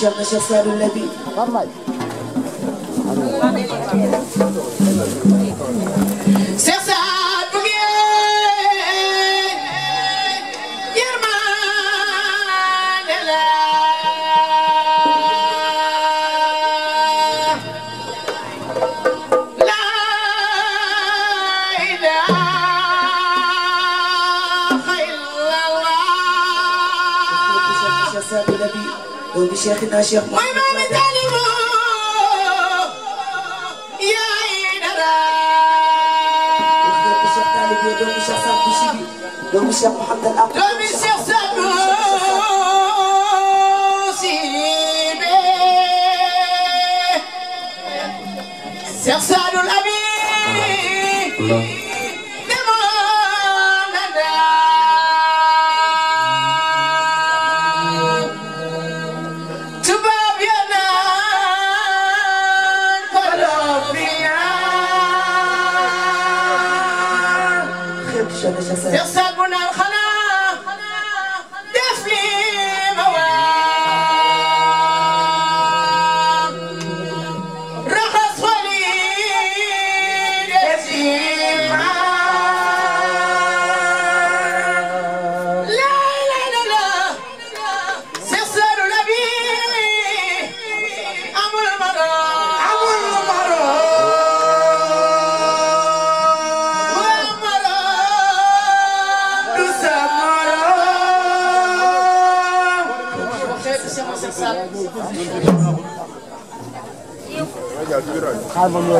شر شفار الذي Seexinaa Seex mooy maami Salimu yaay dara doomu Seex Taalibe doomu Seex Abdu Sidi doomu Seex Muhammad Al mwen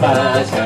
Bye.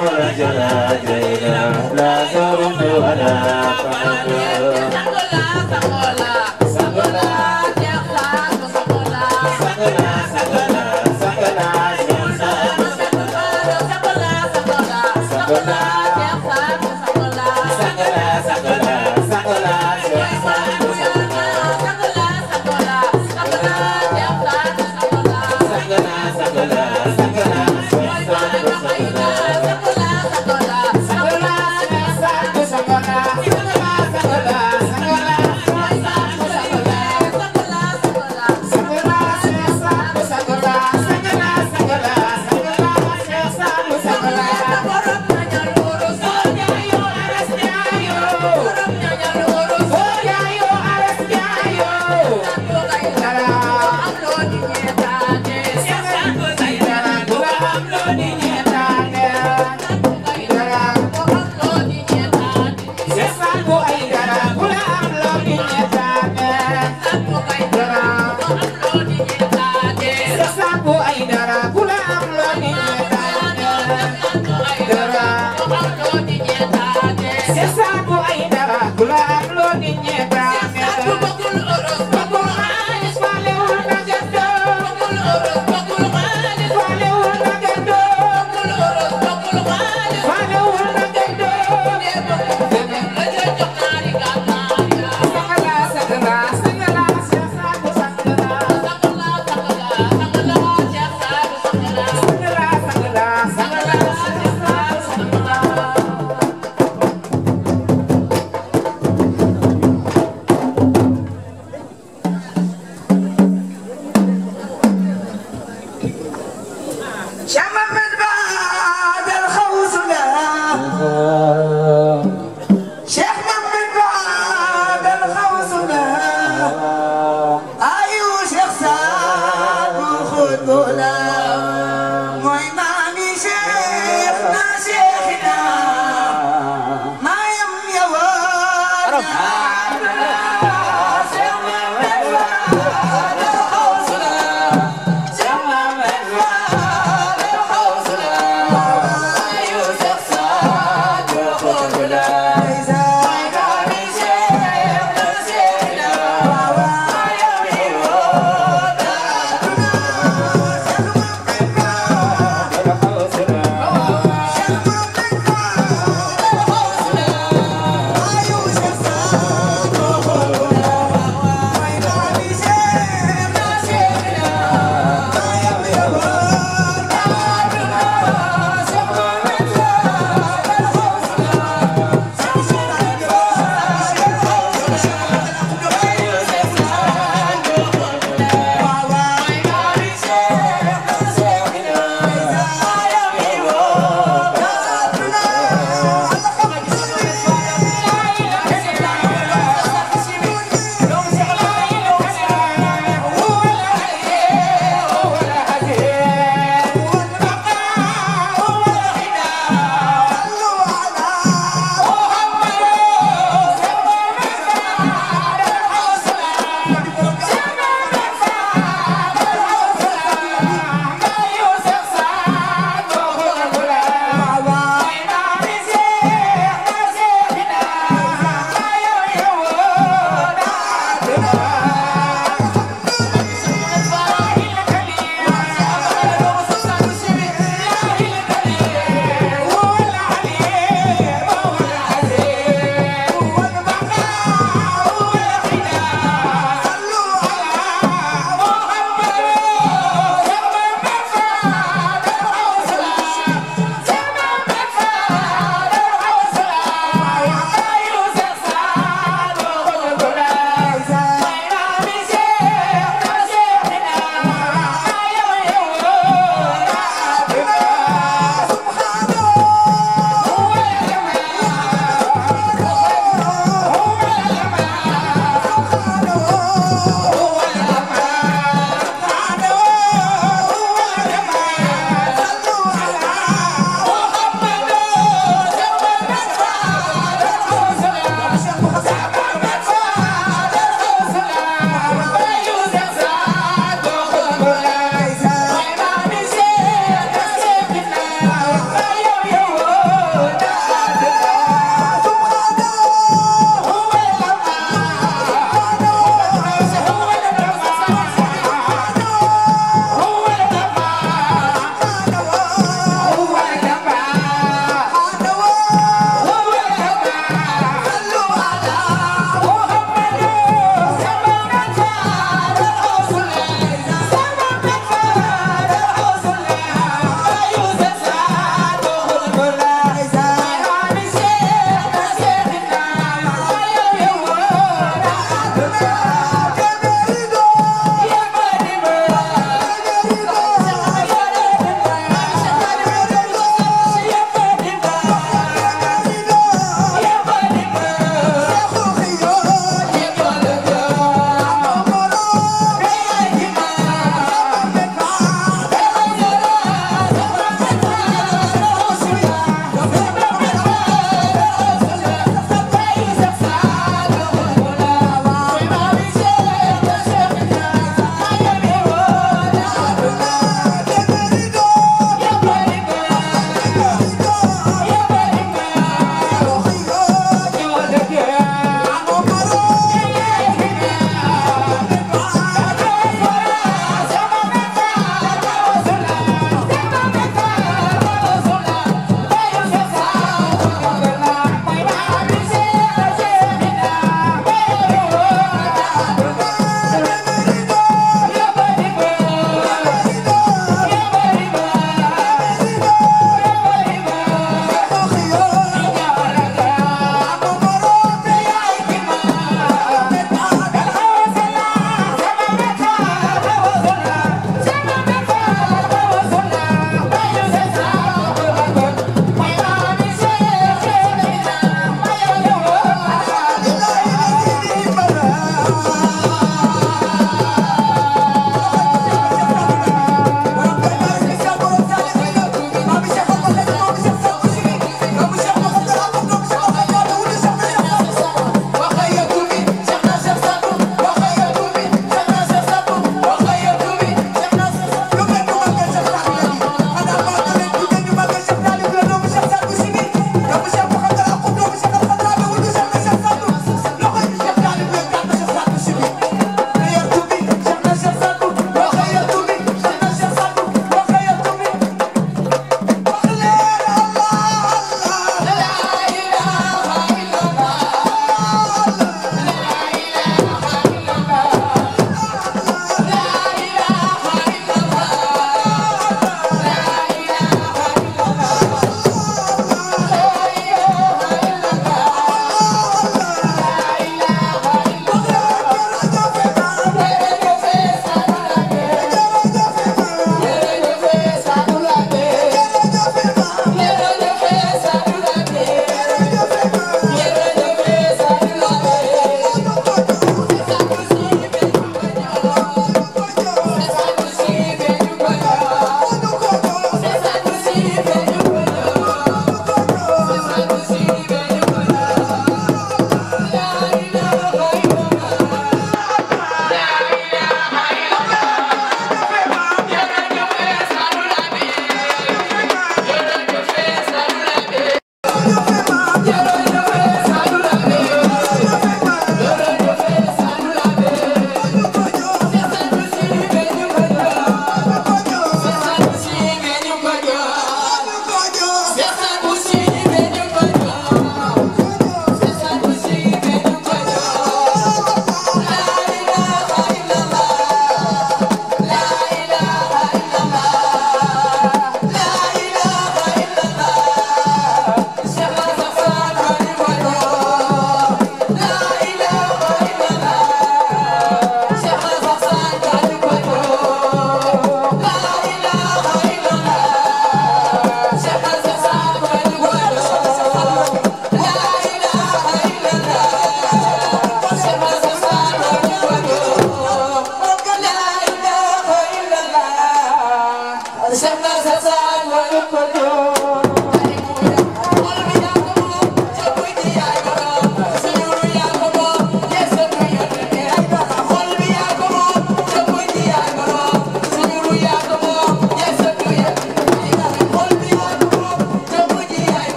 Hola, hola, hola, hola, hola, hola, hola, hola, hola, hola,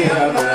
Yeah.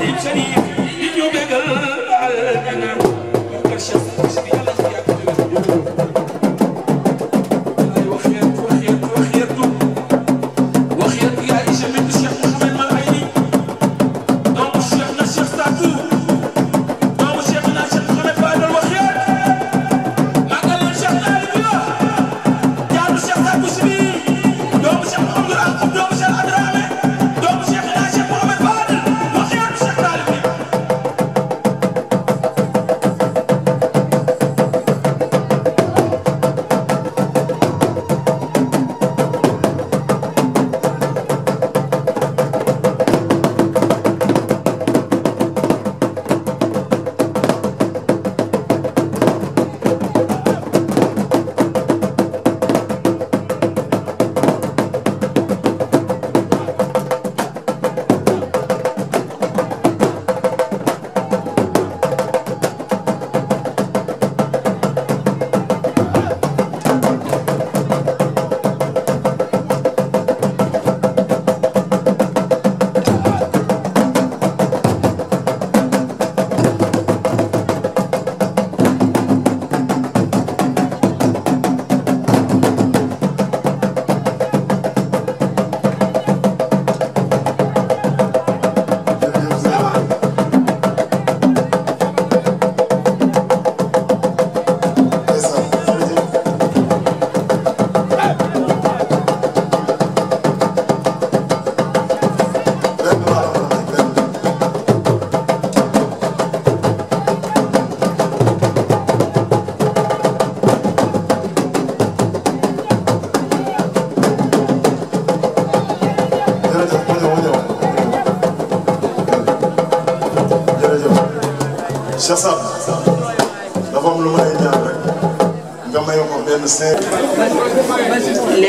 Rio Cheikh Saad dafa am lu may ñaan rek nga may ko benn séeréer.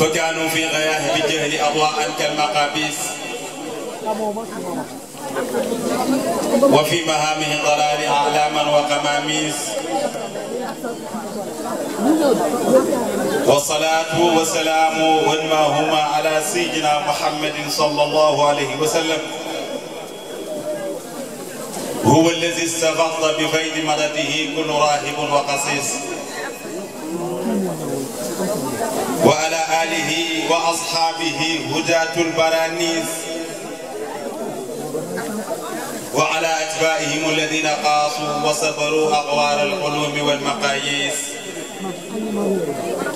فكانوا في غياهب الجهل أضواء كالمقابيس وفي مهامه الضلال أعلاما وقماميس والصلاة والسلام هما على سيدنا محمد صلى الله عليه وسلم هو الذي استفض بفيض مدده كل راهب وقصيص وأصحابه هجاة البرانيس وعلى أتباعهم الذين قاصوا وصبروا أغوار القلوب والمقاييس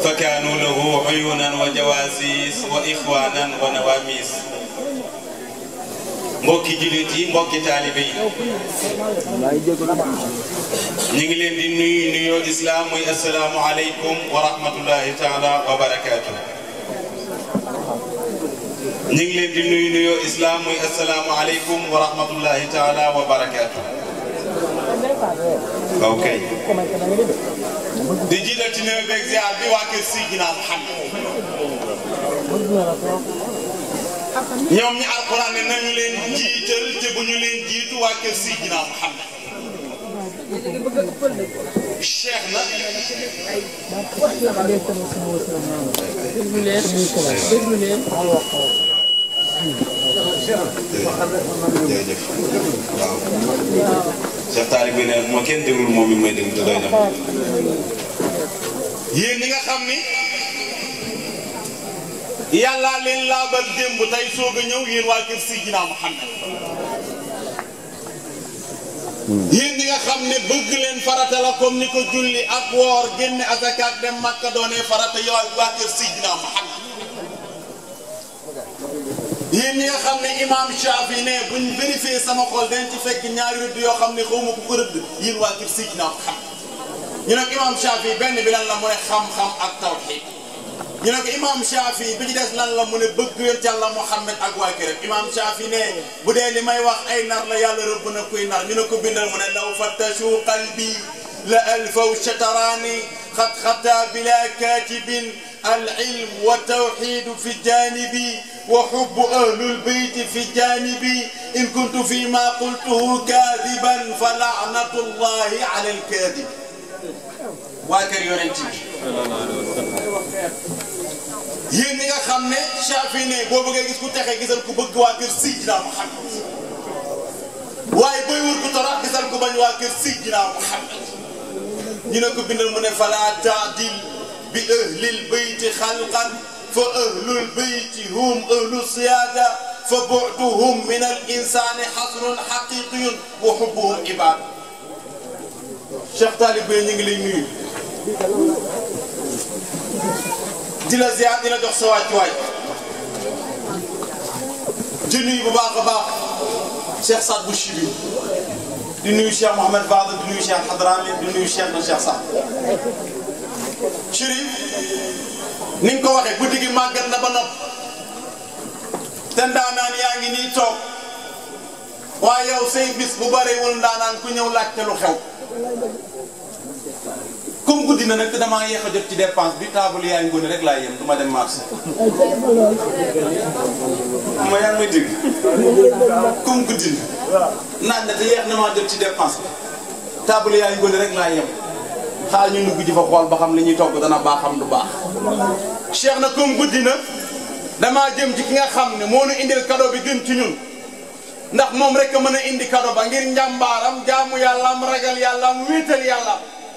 فكانوا له عيونا وجواسيس وإخوانا ونواميس موكي جلوتي موكي تالبي نيغلين دي نيو اسلام السلام عليكم ورحمه الله تعالى وبركاته نيجلي دينو نيو إسلام مي السلام عليكم ورحمة الله تعالى وبركاته. أوكي. ديجي لتنو بيجي أبي واقف سيجنا الحمد. يوم نيار قرآن نيجلي ديجل تبنيجلي ديتو واقف سيجنا الحمد. شيخنا. jërëjëf waaw Cheikh Taalib bi ne ma kenn déglul moom mi may déglu te doy na yéen ñi nga leen farata la comme ni ko ak woor génne asakaat dem Makka doonee farata yow waa kër Sidina Muhammad yéen ñi nga xam ne imam Shafi ne buñ vérifié sama xol dañ ci fekk ñaari rëdd yoo xam ne xaw ku ko rëdd yéen waa kër siij naa xam ñu ne ko imam Shafi benn bi lan la mu ne xam-xam ak tawxid ñu ne ko imam Shafi bi ci des lan la mu ne bëgg yoon ci Yàlla Muhammad ak waa këram imam Shafi ne bu dee li may wax ay nar la yàlla rëbb na kuy nar ñu ne ko bindal mu ne law fattashu qalbi la alfaw shatarani khat khata bila katibin al ilm wa tawxidu fi janibi وحب أهل البيت في جانبي إن كنت فيما قلته كاذبا فلعنة الله على الكاذب waakar yonent bi yéen ñi nga xam ne Shaafi ne boo bëggee gis ku texe gisal ku bëgg waa kër Sidina Muhammad waaye booy wër ku torox gisal ku bañ waa kër Sidina Muhammad ñu ne ko bindal mu ne fala taadil bi ahlil bayti xalqan فأهل البيت هم أهل الصيادة فبعدهم من الإنسان حصر حقيقي وحبهم إبادة شيخ طالب بن إنجليزي دي لا زيادة لا جوخ واي دي نوي بو باخ باخ شيخ صاد دي نوي شيخ محمد فاضل دي نوي شيخ حضرامي دي نوي شيخ شيخ صاد Chérif niñ ko waxee guddi yi màggat na ba nopp te ndaanaan yaa ngi nii toog waaye yow say bis bu barewul ndaanaan ku ñëw laajte lu xew comme guddi na nag te damaa yéex a jot ci dépense bi taabul yaay ngoone rek laa yem guddi na ci dépense bi taabal yaay rek laa yem xaar ñu dugg ci fa xool ba xam li ñuy togg dana baax xam du baax cheikh na comme guddi na damaa jëm ci ki nga xam ne moo nu indil bi gën ci ñun ndax moom rek mën a indi cadeau ba ngir njàmbaaram jaamu yàllaam ragal yàllaam wéetal yàlla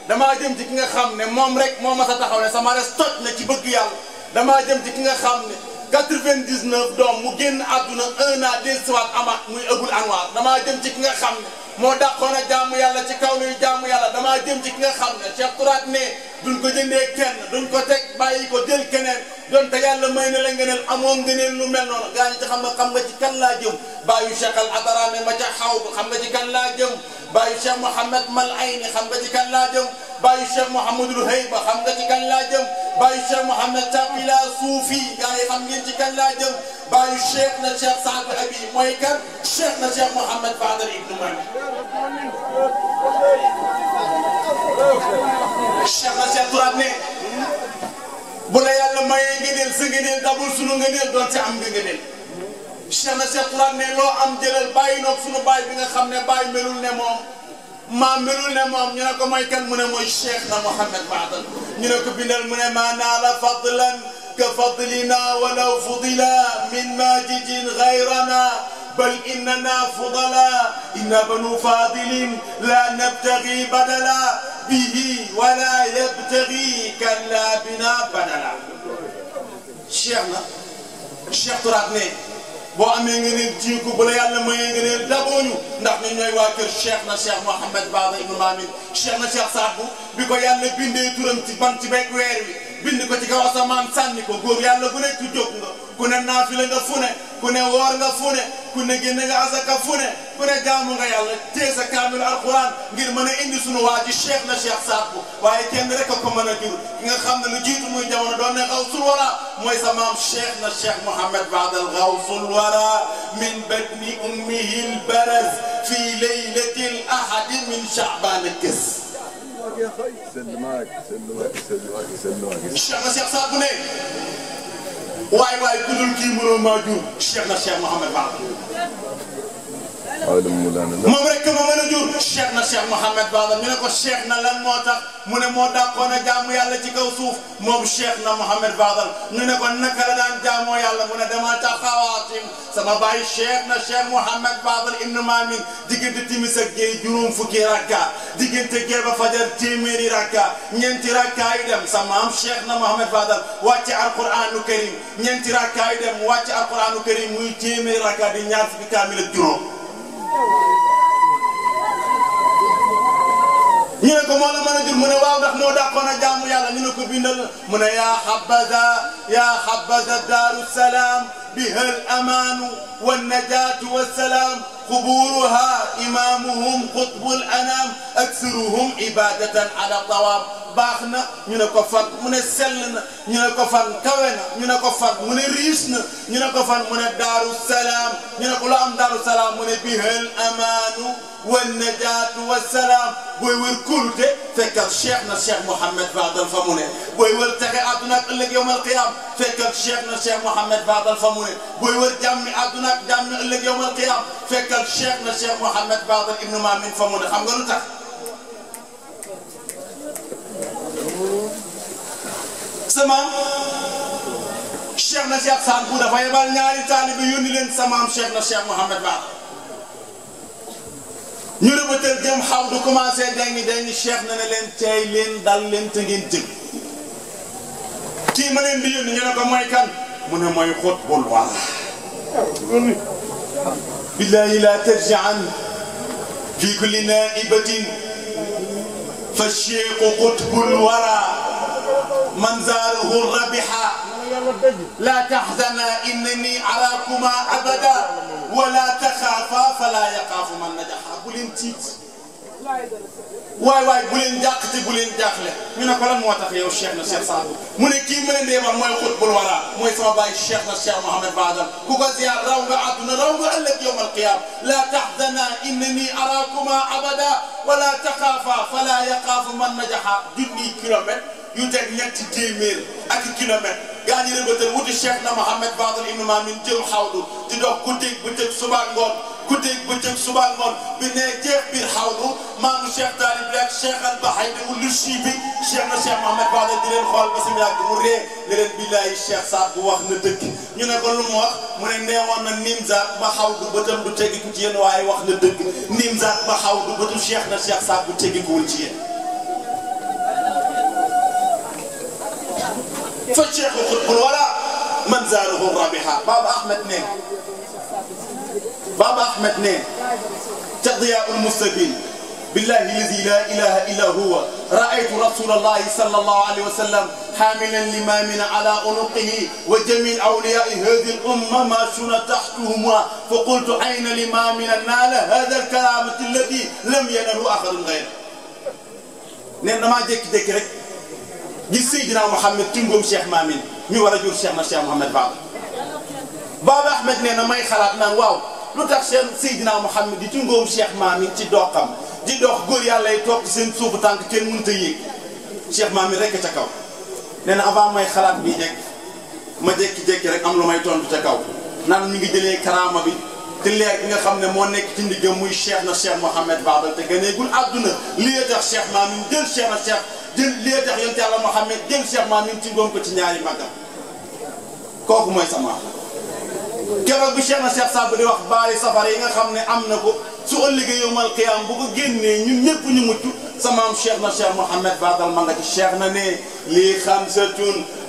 damaa jëm ci ki nga xam ne moom rek moo mas a taxaw ne sama res toj na ci bëgg yàlla damaa jëm ci ki nga xam ne 99 doom mu génn àdduna un an dellusiwaat amaat muy ëggul anwaar damaa jëm ji ki nga xam ne moo dàqoon a jaamu yàlla ci kaw nuy jaamu yàlla damaa jëm ci ki nga xam ne Cheikh Tourate ne duñ ko jëndee kenn duñ ko teg bàyyi ko jël keneen donte yàlla may na la ngeneel amoo ngeneel lu mel noonu gaa ñi ci xam nga xam nga ci kan laa jëm bàyyu Cheikh al Adarame ma ca xaw xam nga ci kan laa jëm bàyyu Cheikh Mouhamed Mal Ayni xam nga ci kan laa jëm bàyyu Cheikh Mouhamadul Hayba xam nga ci kan laa jëm bàyyu Cheikh Mouhamed Tapila Suufi gaa yi xam ngeen ci kan laa jëm bàyyu Cheikh na Cheikh Saad Abi mooy kan Cheikh na Cheikh Mouhamed Fadal Ibnu Mami Cheikh na Cheikh Touré ne bu la yàlla mayee ngëneel sa ngëneel dabul sunu ngëneel doon ci am nga ngëneel Cheikh na Cheikh Touré ne loo am jëlal bàyyi noog sunu baay bi nga xam ne bàyyi melul ne moom maa melul ne moom ñu ne ko may kan mu ne mooy Cheikh na Mouhamed Badal ñu ne ko bindal mu ne maa naala fadlan ka fadlina walaw fudila min majidin gayrana بل إننا فضلا إن بنو فاضل لا نبتغي بدلا به ولا يبتغي كلا بنا بدلا شيخنا الشيخ تراتني بو امي غيري جيكو بلا يالا ماي غيري دابونو ناخ ني نوي واكر شيخنا شيخ محمد بابا ابن مامين شيخنا شيخ صاحبو بيكو يالا بيندي تورم تي بان تي بيك ويروي bind ko ci kaw asamaan sànni ko góor yàlla ku ne ku jóg nga ku ne naafila nga fu ne ku ne woor nga fu ne ku ne génn nga asaka fu ne ku ne gaamu nga yàlla tée sa kaamil alquran ngir mën a indi sunu waa ji cheikh na cheikh sàkku waaye kenn rek a ko mën a jur ki nga xam ne lu jiitu muy jamono doon ne sul wara mooy sa maam cheikh na cheikh mohammed Mouhamed Badal sul wara min batni ummihi lbaras fi laylatil ahadi min chaabana kës ak ya xay sell maak sell maak sell maak sell maak cheikh na cheikh Saad bu ne waay waay ku dul kii mënoo maa jur cheikh na cheikh Mouhamed Ba moom rek ma mën a jur cheikh na cheikh Mouhamed Baba ñu ne ko cheikh na lan moo tax mu ne moo dàqoon a jaamu yàlla ci kaw suuf moom cheikh na Mouhamed Baba ñu ne ko naka la daan jaamoo yàlla mu ne demal ca xawaatim sama bàyyi cheikh na cheikh Mouhamed Baba ibnu Maamin diggante timis ak géey juróom fukki rakka diggante gee ba fajar téeméeri rakka ñeenti rakka yi dem sa maam cheikh na Mouhamed i wàcce alquranu karim ñeenti rakka yi dem wàcce alquranu karim muy téeméeri rakka di ñaar fukki kaamil ak juróom ñu ne ko moo la mën a jur mu ne waaw ndax moo dàqoon a jaamu yàlla ñu ne ko bindal mu ne yaa xabaza yaa xabaza daaru salaam بها الأمان والنجاة والسلام قبورها إمامهم قطب الأنام أكثرهم عبادة على الطواب baax na ñu ne ko fan mu ne sell na ñu ne ko fan kawe na ñu ne ko fan mu ne riis na ñu ne ko fan mu ne daaru salaam ñu ne ko lu am daaru salaam mu ne bihal amaanu wannajaatu wassalaam booy wër kóolute fekkal cheikh na cheikh mouhamed baadal fa mu ne booy wër texe àdduna ak ëllëg yowm alqiyaam fekkal cheikh na cheikh mouhamed baadal fa mu mooy booy wër jàmmi àdduna ak jàmmi ëllëg yowmal qiyaam fekkal cheikh na cheikh Mouhamed Babal ibnu Mamin fa mu ne xam nga lu tax. samaam cheikh na cheikh Sane bu dafa yebal ñaari taalibe yónni leen samaam cheikh na cheikh Mouhamed Babal ñu rëbëtal jëm xaw du commencé dengi dengi kii ma leen di yónni mooy kan. من ماي خط بلوى بالله لا ترجع في كل نائبة فالشيخ قطب الورى من زاره الربح لا تحزنا إنني أراكما أبدا ولا تخافا فلا يخاف من نجح قل انتيت واي واي بولين جاك تي بولين جاك لي مي نكو لان مو تاخ يو شيخنا شيخ صادو مو ني كي مين دي وار موي خطب الورا موي سما باي شيخنا شيخ محمد بادل كوكا زيار راو عدنا راو عليك يوم القيامه لا تحزنا انني اراكما ابدا ولا تخافا فلا يخاف من نجح جدي كيلومتر يو تك نيت تي ميل اك كيلومتر غاني ربتل ودي شيخنا محمد بادل انما من جيل خاودو تي دو كوتي بوتك غور guddeeg bëccëg suba ak ngoon bi ne jeex biir xawlu maamu Cheikh Taalib bi ak Cheikh al Baxay bi mu lusi bi Cheikh na Cheikh Mohamed Bada di leen xool ba simi yàgg mu ree ne leen billaahi Cheikh Saad bu wax na dëkk ñu ne ko lu mu wax mu ne neewoon na Nimzaat ba xaw du bëtam du tegiku ci yéen waaye wax na dëgg Nimzaat ba xaw du bëtu Cheikh na Cheikh Saad bu tegikuwul ci yéen fa Cheikh xutbul wala man zaaluhu rabiha Baba Ahmed ne بابا أحمد نين تضياء المستبين بالله الذي لا إله إلا هو رأيت رسول الله صلى الله عليه وسلم حاملا من على عنقه وجميع أولياء هذه الأمة ما شن تحتهما فقلت أين من نال هذا الكرامة الذي لم ينله آخر غيره نين ما جيك ديك رك سيدنا محمد تنقم شيخ مامين مي ورا جور شيخ محمد بابا بابا أحمد نين ما يخلق نان واو lu tax seen xam Muhammad di tungoom Cheikh Maami ci doxam di dox góor yàlla yi toog seen suufu tànk kenn mënut a yéeg Cheikh Maami rek ca kaw ne na avant may xalaat bi jekk ma jékki-jékki rek am lu may tontu ca kaw naan mi ngi jëlee karaama bi te leer gi nga xam ne moo nekk ci ndiggam muy Cheikh na Cheikh Mouhamed Babal te gëneegul àdduna lii tax Cheikh Maami jël Cheikh na Cheikh jël lii tax yonent Yàlla Mouhamed jël Cheikh Maami ci ngoom ko ci ñaari màggam kooku mooy sama keroog bi Cheikh na Cheikh Samb di wax baari safara yi nga xam ne am na ko su ëllëgee yowmal qiyaam bu ko génnee ñun ñëpp ñu mu mucc سمام شيخنا شيخ محمد بعد الملك شيخنا ني لي خمسة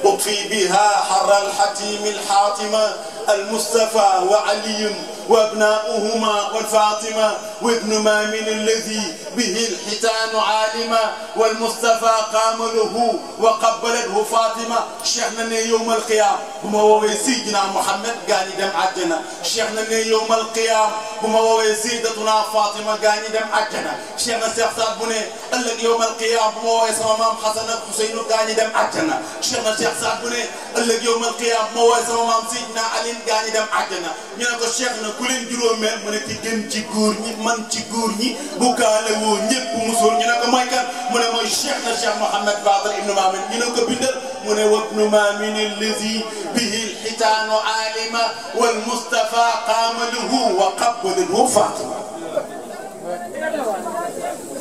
أطفي بها حر الحتيم الحاتمة المصطفى وعلي وابناؤهما والفاطمة وابن مامن الذي به الحتان عالمة والمصطفى قام له وقبلته فاطمة شيخنا يوم القيام هما ويسيدنا محمد قاني دم عجنا شيخنا يوم القيام هما ويسيدتنا فاطمة قاني دم عجنا شيخنا سيخ بني الذي يوم القيامة مو يسمى مام حسن الحسين قاني دم عجنا شيخنا الشيخ سعد بني الذي يوم القيامة مو يسمى مام سيدنا علي قاني دم عجنا ينقى الشيخنا كل جرو مير من تيجن تيجورني من تيجورني بكالو نيب مسول ينقى ما يكر من ما الشيخنا الشيخ محمد باطل ابن مامن ينقى بدر من وابن مامن الذي به الحيتان عالما والمصطفى قام له وقبله فاطمه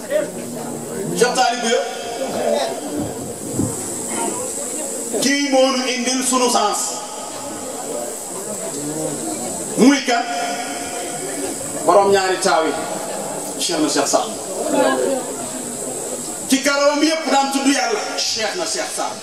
Yeah. Cheikh Talib bi kii moo ñu indil sunu sens muy kan borom ñaari taaw yi Cheikh na Cheikh Sall ci karawam yëpp daan tudd yàlla Cheikh na Cheikh Sall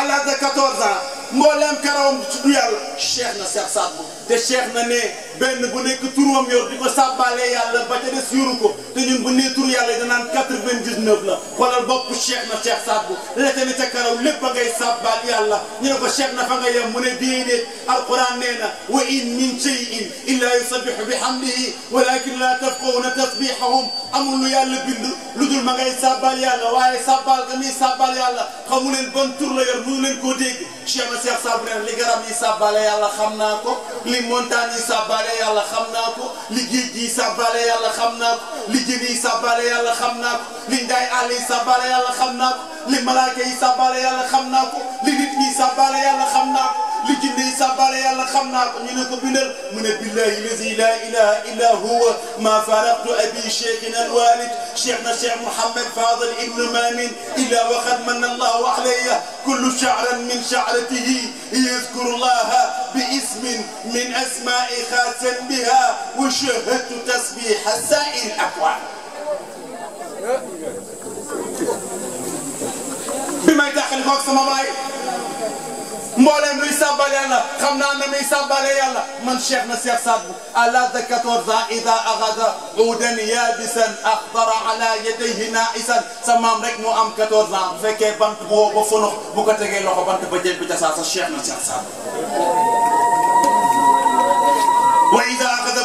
à l'âge de 14 ans mbooleem karawam tudd yàlla Cheikh na Cheikh Sall. te cheikh na ne benn bu nekk turam yor di ko sàbbaale yàlla ba ca des yuru ko te ñun bu nee tur yàlla da quatre 99 la xoolal bopp cheikh na cheikh Sadbou lete ne ca karaw lépp a ngay sàbbaal yàlla ñu ne ko cheikh na fa nga yem mu ne déedéet alquran nee na wa in min shay'in illaa yusabbihu bihamdihi walakin la tafqahuna tasbihahum amul lu yàlla bind kii ma ngay sabbal yàlla waaye sabbal ga muy sabbal yàlla xamu leen bon tur la yor mënu leen koo dégg Cheikh li garab yi sabbale yàlla xam naa ko li montagne yi sabbale yàlla xam naa ko li géej gi sabbale yàlla xam naa ko li jën yi sabbale yàlla xam naa ko li ndaay àll yi sabbale yàlla xam naa ko li malaaka yi sàbbaale yàlla xam naa ko li nit ñi sàbbaale yàlla xam naa ko li jinne yi sàbbaale yàlla xam naa ko ñu ne ko bindal mu ne billahi lazi la ilaha illa huwa ma faraqtu abi cheikhina alwalid cheikhna cheikh mohammad fadal ibnu mamin illa waqad manna allahu alayya kullu sha'ran min sha'ratihi yadhkuru allaha bi ismin min asma'i khasan biha wa shahadtu tasbih saa'ir al-akwaan may jàqali koog sama baay mbooleem luy sàbbal yàlla xam naa ne muy sàbbale yàlla man cheikh na cheikh sadbu à l'âge de 14 ans ida axada uudan yaabisan axdara ala yadayhi naisan sa maam rek moo am 14 ans bu fekkee bant bu woo ba fonox bu ko tegee loxo bant ba jël bi ca saa sa cheikh na cheikh sadbu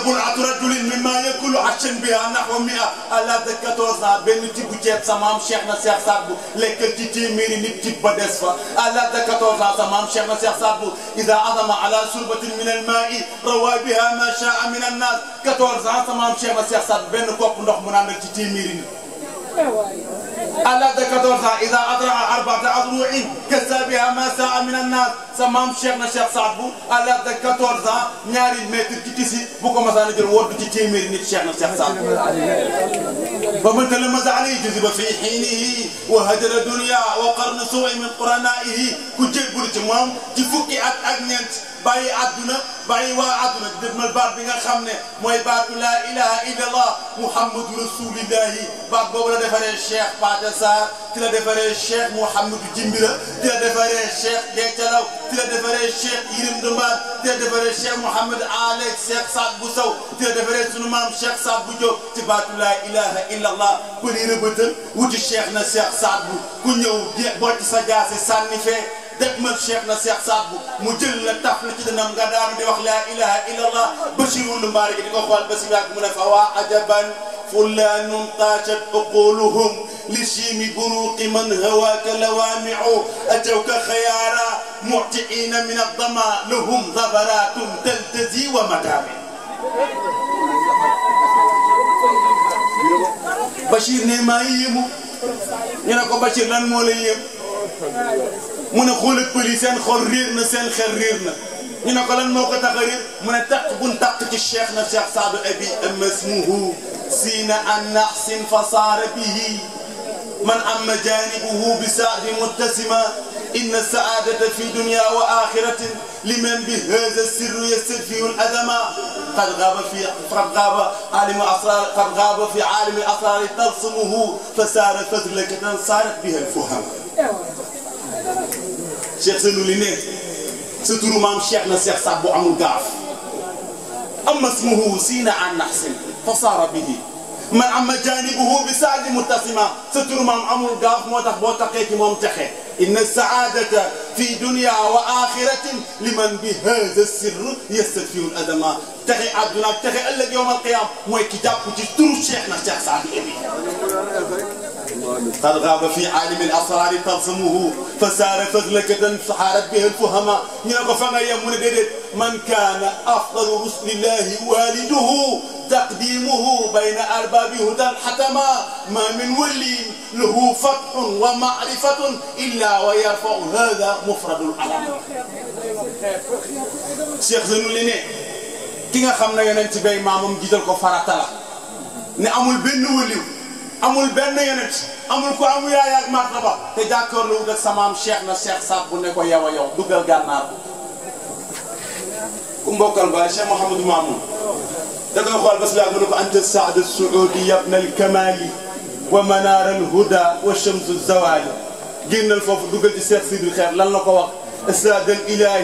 برعة رجل مما يكل عشان بها نحو 100 الا دكة وزنا بن تيبو جيت سمام شيخنا سيخ سابو لك تيتي ميري نيب بدسفا على فا الا وزنا سمام شيخنا سيخ سابو اذا عظم على سربة من الماء روى بها ما شاء من الناس كتور زنا سمام شيخنا سيخ سابو بين كوب نخ منان تيتي ميري à l'âge de 14 ans ida adraa arbata adruin kassa biha ma saa min annas sa maam Cheikh na Cheikh Saad Bou à l'âge de 14 ans ñaari mètre ci tisi bu ko masaan a jël woddu ci téeméeri nit Cheikh na Cheikh Saad Bou ba man talamasa alayhi juziba fi hiinihi wa hajara dunia wa qarna suui min quranaihi ku jégbul ci moom ci fukki at ak ñeent bàyyi àdduna bàyyi waa àdduna dégmal baat bi nga xam ne mooy baatu laa ilaha illallah muhammadu rasulillahi baat boobu la defaree cheikh Pathé Sarr ci la defaree cheikh Mouhamadou Jimbira ci la defaree cheikh Deccalaw ci la defaree cheikh Yirim Dumbaat ci la defaree cheikh Mouhamad Alex cheikh Saad bu Sow ci la defaree sunu maam cheikh Saad bu Diop ci baatu laa ilaha illallah pëli rëbëtal wuti cheikh na cheikh Saad bu ku ñëw bocc sa jaase sànni fee dëgmal cheikh na cheikh Saad Bou mu jël la taf la ci dënam nga daanu di wax laa ilaha illallah Bachirul Mbaari di ko xool ba si yàgg mu ne fa waa ajaban fulaanun taachat uquluhum li siimi buruqi man hawaaka lawaamiu atawka xayaara muctiina min addama lahum zabaratum taltazi wa mataami Bachir ne maa yéemu ñu ne ko Bachir lan moo la yéem mu ne xoolit pël yi seen xol réer na seen xel réer na ñu ne ko lan moo ko tax a réer mu ne taq bun taq ci cheikh na cheikh saadu abi amasmuhu siina an naxsin fa saara bihi man amma janibuhu bi saadi muttasima إن السعادة في دنيا وآخرة لمن بهذا السر يستدفي الأدمى قد غاب في قد غاب عالم أسرار قد غاب في عالم الأسرار ترسمه فسار فذلك صارت بها الفهم cheikh sënu li ne sa turu maam cheikh na cheikh sax bu amul gaaf amma ismuhu siina an naxsin fa saara bihi man amma janibuhu bi saadi mutasima sa turu maam amul gaaf moo tax boo taqee ci moom texe inna saadata fi dunya wa axiratin liman bi hada sirr yastadfiu al adama texe àdduna ak الا ëllëg القيامه qiyaam كتاب ki jàpp ci turu Cheikh قد غاب في عالم الاسرار تلصمه فسار فغلكة فحارت به الفهماء نيغو فما يمون من كان افضل رسل الله والده تقديمه بين ارباب هدى حتما ما من ولي له فتح ومعرفة الا ويرفع هذا مفرد الالم شيخ زنوليني ki nga xam yonent yonent bay mamam gidal ko farata la ne amul ben wuliw amul ben yonent amul ko amu yaay ak martaba te jakkor lu ak samaam cheikh na cheikh sa bu ne ko yawa yow duggal gànnaar ko ku mbokkal baay cheikh mohammed Mamoun da nga xol bas la mu ko ne saad anta saudi ibn al alkamali wa manar al huda wa shams shamsu zawal génnal fofu duggal ci cheikh sidil xeer lan la ko wax استاذ al ilahi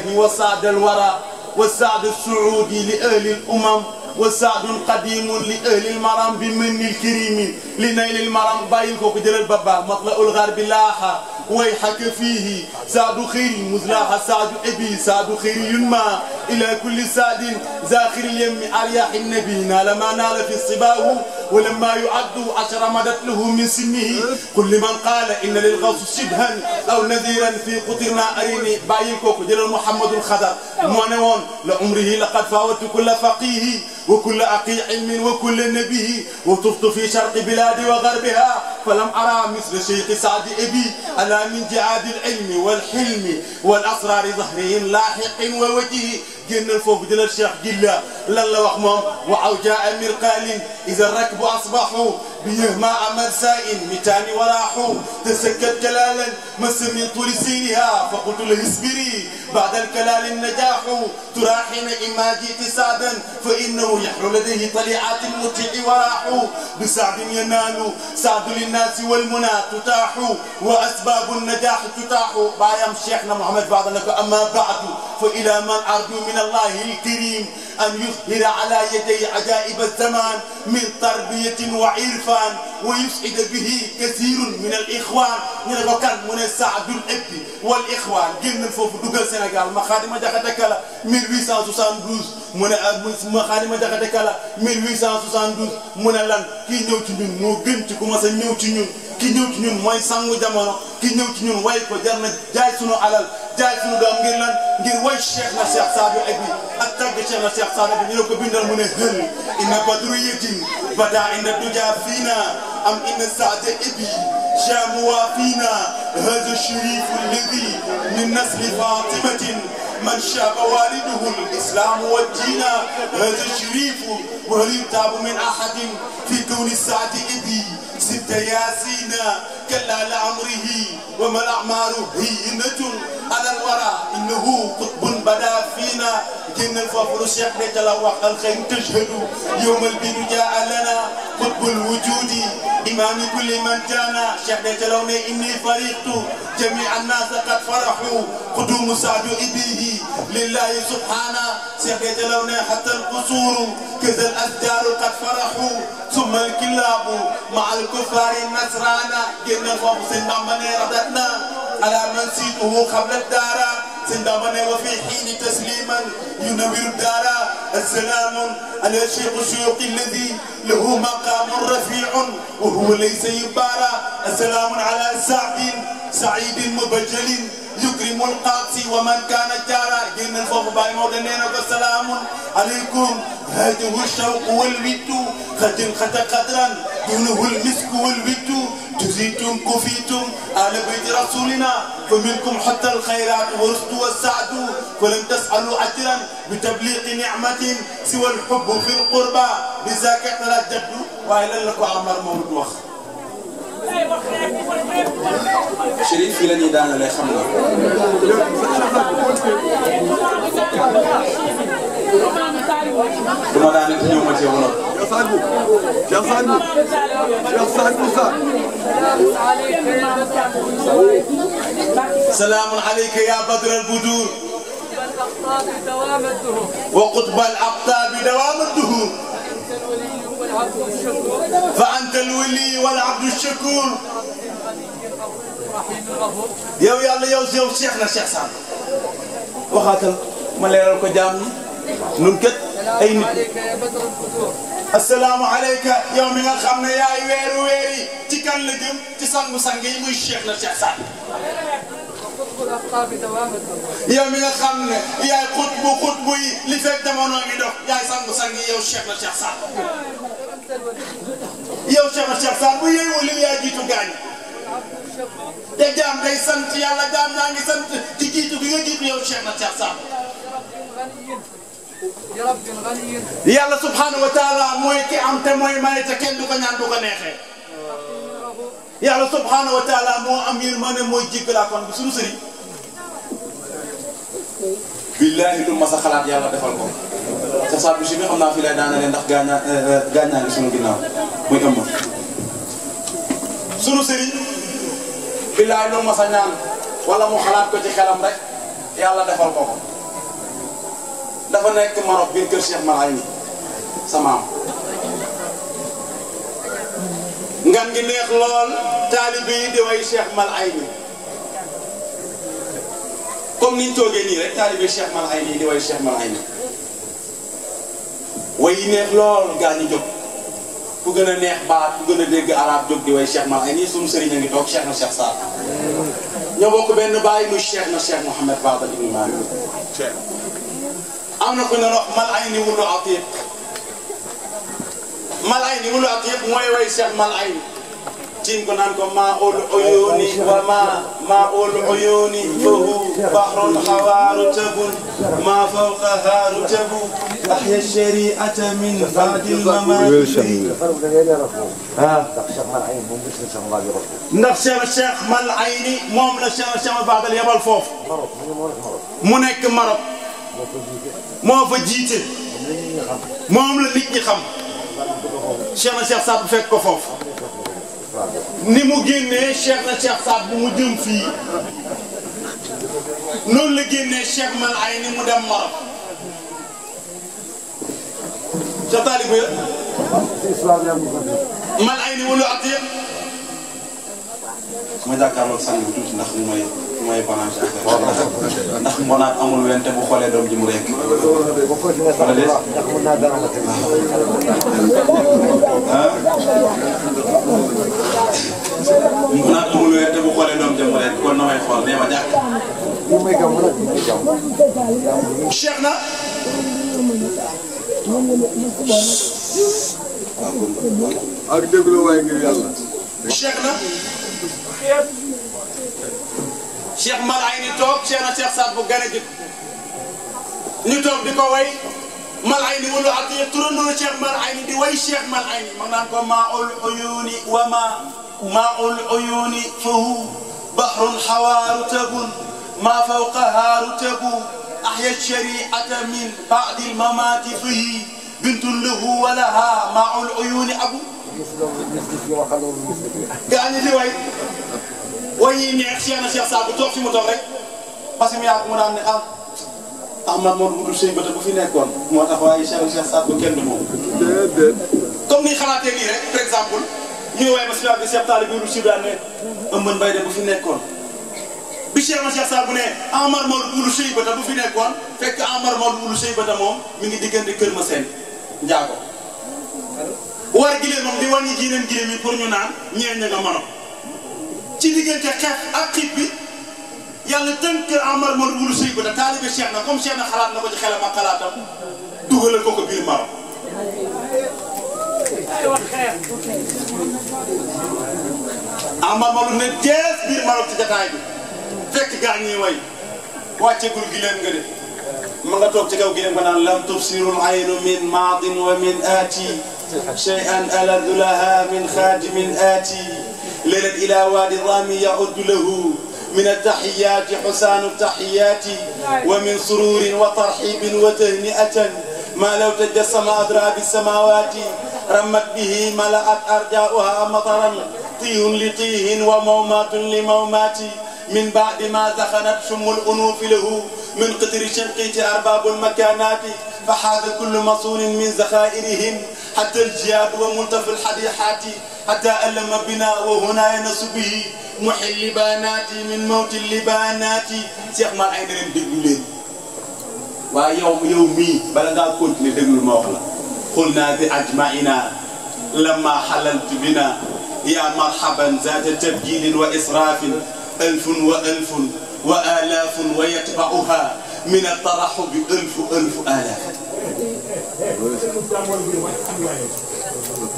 الورى والسعد السعودي لأهل الأمم وسعد قديم لأهل المرام بمن الكريم لنيل المرام بايل كوك ديال البابا مطلع الغرب لاحا ويحك فيه سعد خير مزلاح سعد أبي سعد خير ينمى إلى كل سعد زاخر اليم أرياح النبي نال ما نال في الصباه ولما يعد عشر مدت له من سنه كل من قال إن للغوص شبها أو نذيرا في قطرنا أريني بايكوك جلال محمد الخضر معنوان لعمره لقد فاوت كل فقيه وكل أقي علم وكل نبي وطفت في شرق بلادي وغربها فلم أرى مثل شيخ سعد أبي أنا من جعاد العلم والحلم والأسرار ظهرهم لاحق ووجهي جينا الفوق ديال الشيخ قلا لا لا واخ مام وعاو جاء امير قالين اذا ركبوا اصبحوا بيه ما عمل سائن متاني وراحوا تسكت كلالا مس من طول سينها فقلت له اصبري بعد الكلال النجاح تراحين اما جئت سعدا فانه يحلو لديه طليعات المتع وراحوا بسعد ينال سعد للناس والمنى تتاح واسباب النجاح تتاح بايام شيخنا محمد بعضنا اما بعد فالى من ارجو من من الله الكريم أن يظهر على يدي عجائب الزمان من تربية وعرفان ويسعد به كثير من الإخوان من الوكان من السعد الإب والإخوان جن فوف دوغا سنغال ما خادم جاكتك لا 1872 من ما خادم 1872 من لان كي نيو تي نيو مو گن تي كوما سا كنيو كنيو موين سانغو جامونو كنيو كنيو واي كو جامن جاي سونو علال جاي سونو دام غير لان غير واي شيخ نصيح صابي ابي اتاك شيخ نصيح صابي ابي نيرو كو بيندال موني هل ان بدرو يتين بدا ان دوجا فينا ام ان سعد ابي جاموا فينا هذا الشريف الذي من نسل فاطمة من شاب والده الاسلام والدين هذا الشريف وهل يتاب من احد في كون السعد ابي انت يا سينا كلا لعمره وما الاعمار هينة على الورى انه قطب بدا فينا جن الفخر الشيخ جل وعلا الخير تشهد يوم البين جاء لنا قطب الوجود امام كل من جانا شيخ جل اني فرحت جميع الناس قد فرحوا قدوم سعد ابيه لله سبحانه شيخ جل حتى القصور كذا الاشجار قد فرحوا ثم الكلاب مع الكفر أفكار النصرانة جنة فوق سندمني ردتنا على من سيده قبل الدار سندمني وفي حين تسليما ينوير الدار السلام على شيخ الشيوخ الذي له مقام رفيع وهو ليس يبارى السلام على سعد سعيد مبجل يكرم القاسي ومن كان جارا جن الفوق باي مود سلام عليكم هذه الشوق والبيتو خدم خت قدرا دونه المسك والبيتو تزيتم كفيتم على بيت رسولنا فمنكم حتى الخيرات ورست والسعد ولم تسألوا عجرا بتبليغ نعمة سوى الحب في القربى بزاك احتلال جدو وإلى لك عمر موجود شريف لن يدعنا لا يخمنا كما دعنا اليوم يا هنا يا صاحبو يا صاحبو يا صاحبو سلام عليك يا بدر البدور وقطب الأقطاب دوام الدهور وقطب الأقطاب دوام الدهور فأنت الولي والعبد الشكور يو يا الله يو يو شيخنا شيخ سعد وخاتم ملير الكجام نمكت أي نت السلام عليك يا من الخمن يا ويرو ويري تكن لجم تسان مسانجي مش شيخنا شيخ سعد يا من خمن يا خطب خطب لفك دمانو يا مدوك يا سانغو سانجي يا شيخ الشيخ صاحب يا شيخ الشيخ صاحب يا ولي يا جيتو غاني يا جام داي سانت يا الله جام نانغي سانت تي جيتو يا جيتو يا شيخ الشيخ صاحب يا رب الغني يا الله سبحانه وتعالى موي كي امتا موي ماي تا كين دوكا نان دوكا نيهي yàlla subhanahu wa moo am yërmande mooy jéggalaa kon bi suñu sëriñ billaahi lu ma sa xalaat yàlla defal ko sa saabu si bi xam naa fi lay ndax gaañaa eh, eh, gaañaa suñu ginnaaw muy ëmb suñu sëriñ billaahi lu sa ñaan wala mu xalaat ko ci xelam rek yàlla defal ko ko dafa nekk Maroc biir kër Cheikh Malang sama am ngan gi neex lool taalibe yi di way Cheikh Mal Ayni comme niñ toogee nii rek taalibe Cheikh Mal Ayni di way Cheikh Mal Ayni way neex lool gaa ñi jóg ku gën a neex baat ku gën a dégg arab jóg di way Cheikh Mal Ayni suñu sëriñ a ngi toog Cheikh na Cheikh Sarr ñoo bokk benn bàyyi muy Cheikh na Cheikh Mouhamed Babal Ibn Maalik am na ku ñu doon wax Mal Ayni wulu malayni wulu atiyib moy way cheikh malaini tin ko nan ko ma ul uyuni wa ma ma ul uyuni fahu bahrun hawaru tabun ma fawqa haru tabu ahya shari'ata min ba'di mamati ها شيخ مال malaini بس شيخ مال يرفض نفس الشيخ مال عيني مو من الشيخ الشيخ بعد اليابان فوف مرض mu nek marab mo fa jite mom la nit ñi xam Cheikh na Cheikh Saad bu fekk ko foofu ni mu génnee Cheikh na Cheikh Saad bu mu jëm fii noonu la génnee Cheikh man mu dem Maroc ca taalibu ya man ay ma jàkkaarloog sang bi mu may mu amul wente bu xoolee doom ji mu kon na may xool nee ma jàkk. Cheikh na. ak déglu waay ngir yàlla. Cheikh na. خير شيخ ملاي ني توك شيخنا شيخ صاد بو غاني جيت ني توك ديكو واي ملاي ني ولو عطيه ترندو شيخ ملاي ني دي واي شيخ ملاي ني ما نانكو ما اول عيون وما ماء العيون فهو بحر حوى رتب ما فوقها رتب أحيا الشريعة من بعد الممات فيه بنت له ولها ماء العيون أبو gaa ñi di way way ñuy neex Cheikh na Cheikh Saad bu toog fi mu toog rek parce que mu yàgg mu daan ne ah am na moom Moudou Seye bu fi nekkoon moo tax bu kenn du moom. comme ni xalaatee nii rek par exemple Cheikh Taalib bi Moudou daan bu fi nekkoon. bi Cheikh bu ne Amar Mor bu fi nekkoon fekk a Mor moom mu ngi diggante Kër Masène Ndiago. war gileem moom di wàññi jiineem gileem yi pour ñu naan ñeeñ nga mënoon ci diggante xeex ak xiib bi yàlla tënk Amar Modou Wulu Sëy ba te taalibe Cheikh na comme Cheikh na xalaat na ko ci xelam ak xalaatam dugalal ko ko biir Maroc. Amar Modou ne biir Maroc ci jataay bi fekk gaa ñuy way wàcce gul gileem nga de. لم تبصر العين من ماض ومن آتي شيئا ألذ لها من خادم آتي ليلة إلى وادي الرامي يعد له من التحيات حسان التحيات ومن سرور وترحيب وتهنئة ما لو تجسم أدراب السماوات رمت به ملأت أرجاؤها مطرا طيه لطيه ومومات لمومات من بعد ما زخنت شم الأنوف له من قطر شنقيت أرباب المكانات فحاذ كل مصون من زخائرهم حتى الجياب وملتف الحديحات حتى ألم بنا وهنا ينس به محي اللبانات من موت اللبانات سيخ ما عين الدقلين ويوم يومي بلغا كنت ندقل الموخلة قلنا بأجمعنا لما حللت بنا يا مرحبا ذات تبجيل وإسراف ألف وألف وآلاف ويتبعها من الترحب ألف ألف آلاف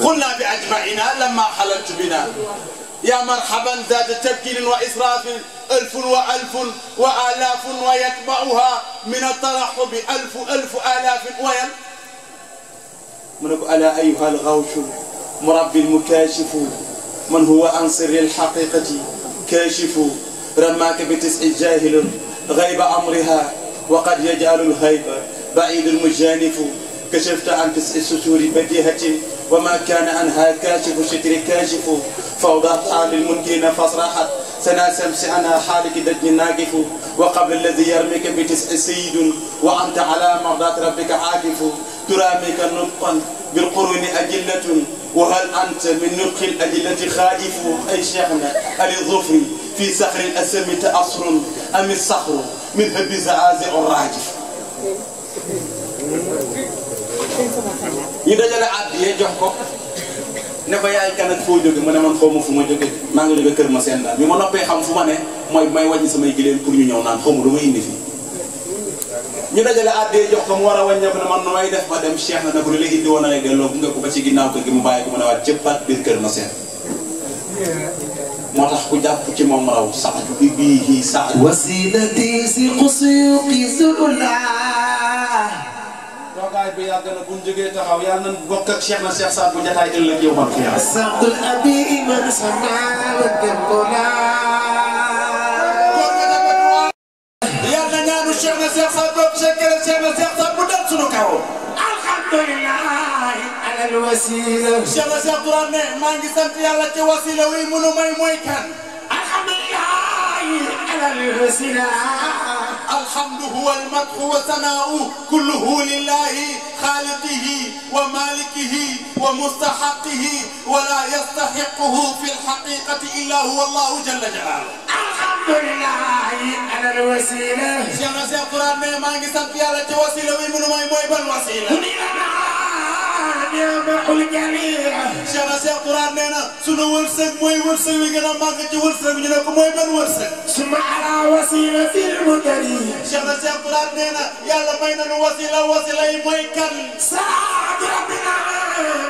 قلنا بأجمعنا لما حللت بنا يا مرحبا ذات تبكير وإسراف ألف وألف وآلاف ويتبعها من الترحب ألف ألف آلاف وين من ألا أيها الغوش مربي المكاشف من هو أنصر الحقيقة كاشف رماك بتسع جاهل غيب أمرها وقد يجعل الغيب بعيد المجانف كشفت عن تسع ستور بديهة وما كان عنها كاشف ستر كاشف فوضى عن المنكين فصرحت سنا سمس عنها حالك دج ناقف وقبل الذي يرميك بتسع سيد وأنت على مرضات ربك عاكف تراميك نطقا بالقرون أجلة وهل أنت من نطق الأجلة خائف أي شيخنا الظفر fii saxri asami te asrun ami saxru min habi zaazi o raajif ñu dajale àdd yee jox ko ne ko yaay kanat foo jóge mu ne man xaw ma fu ma jóge maa ngi jóge kër ma seen daal bi ma noppee xam fu ma ne mooy may wàññi samay giléem pour ñu ñëw naan xaw ma ma indi fii ñu dajale àddee jox ko mu war a wàññeeku ne man nu may def ba dem Cheikh na nag lu la indi woon a lay delloo bu nga ko ba ci ginnaaw kër gi mu bàyyi ko mu ne waat jëppaat biir kër ma seen moo tax ku jàpp ci moom raw sax bi bii sax wasilati si xusuyuqi sula toogaay bi yàgg na bu ñu jógee taxaw yàlla nañ bokk ak Cheikh na Cheikh Saad bu jataay ëllëg yow man fiya saxul abi iman sama la dembona yàlla ñaanu Cheikh na Cheikh Saad boobu Cheikh na Cheikh Saad bu dal sunu kaw alhamdulillah الوسيلة Cheikh Cheikh Touré الحمد هو المدح وثناؤه كله لله خالقه ومالكه ومستحقه ولا يستحقه في الحقيقة إلا هو الله جل جلاله الحمد لله على الوسيلة ما وسيلة ما alquran ya maxul jali Cheikh na Cheikh Tourade nee na sunu wërsëg mooy wërsëg wi gën a màgg ci wërsëg ñu ne ko mooy ban wërsëg suma ala wasila fil mutari Cheikh na Cheikh Tourade nee na yàlla may nañu wasila wasila yi mooy kan salaatu rabbina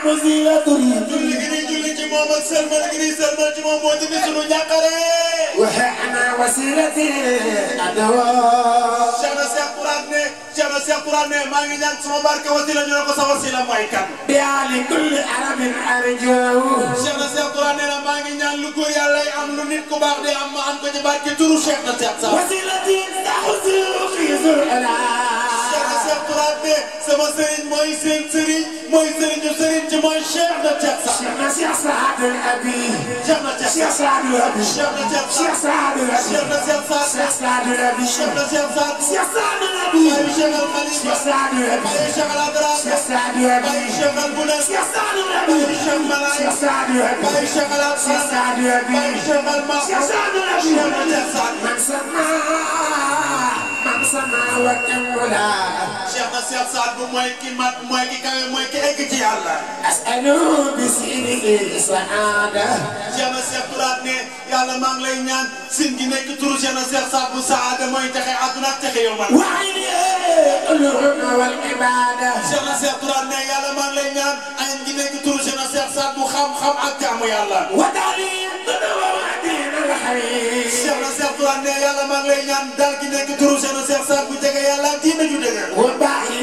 wasila turi julli gi ni julli ci moom ak sëlmal gi ni sëlmal ci moom moo dindi sunu njàqare waxe ana wasilati adawa Cheikh na Cheikh Tourade ne Cheikh na Cheikh Tourade ne maa ngi ñaan sama barke wasila ñu ne ko sa wasila mooy bi ali kulli arabin a Cheikh na Cheikh Touré nee na maa ngi ñaan lu góor lay am lu nit ku baax de am ma am ko ci barke turu Cheikh na Cheikh Sarr wasilati cheikh na cheikh Touré sama sëriñ mooy seen sëriñ mooy sëriñu sëriñ ci mooy cheikh na cheikh sax. cheikh na cheikh Saadul Abi. cheikh na cheikh cheikh Saadul Abi. cheikh na cheikh cheikh Saadul Abi. cheikh na cheikh Saad. cheikh Saadul Abi. cheikh na cheikh Saad. cheikh Saadul Abi. bàyyi cheikh al Khalifa. cheikh Saadul Abi. bàyyi cheikh al Abrar. cheikh Saadul Abi. bàyyi cheikh al Bouna. cheikh Saadul Abi. bàyyi cheikh Malaye. cheikh Saadul Abi. bàyyi cheikh al Abrar. cheikh Saadul Abi. bàyyi cheikh al Ma. cheikh Saadul Abi. cheikh na cheikh Saad. man sama. samaawaati wal ard Cheikh na Cheikh Saad Bou mooy ki mat mooy ki kawe mooy ki egg ci yàlla asalu bi sinihi saada Cheikh na Cheikh Turaat ne yàlla maa ngi lay ñaan sin gi nekk turu Cheikh na Cheikh Saad Bou saada mooy texe àdduna ak texe yow man wal ibada Cheikh na Cheikh Turaat ne yàlla maa ngi lay ñaan ayn gi nekk turu Cheikh na Cheikh Saad Bou xam-xam ak jaamu yàlla amiin Cheikh na Cheikh Touré ne yàlla maa ngi lay ñaan dal gi nekk turu Cheikh na Cheikh Sarr bu jege yàlla ak diine ju dëgër. wa baaxi